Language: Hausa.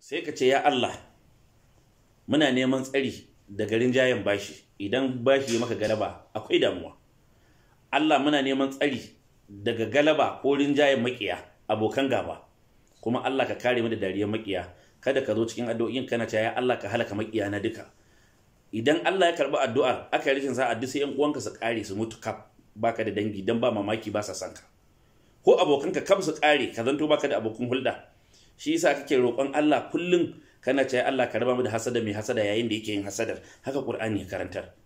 sai ka ce ya Allah muna neman tsari da garin jayen bashi idan bashi maka galaba akwai damuwa Allah muna neman tsari daga galaba ko rinjayen makiya abokan gaba kuma Allah ka kare mu da dariyar makiya kada ka zo cikin addu'o'in kana caya, ya Allah ka halaka makiya na duka idan Allah ya karbi addu'ar aka yi rashin sa'a duk sai yan uwanka su kare su mutu kaf baka da dangi dan ba mamaki ba sa sanka ka ko abokanka kam su kare ka zanto baka da abokan hulɗa shi yasa kake roƙon Allah kullum kana cewa Allah ka raba mu da hasada mai hasada yayin da yake yin hasadar haka Qur'ani ya karantar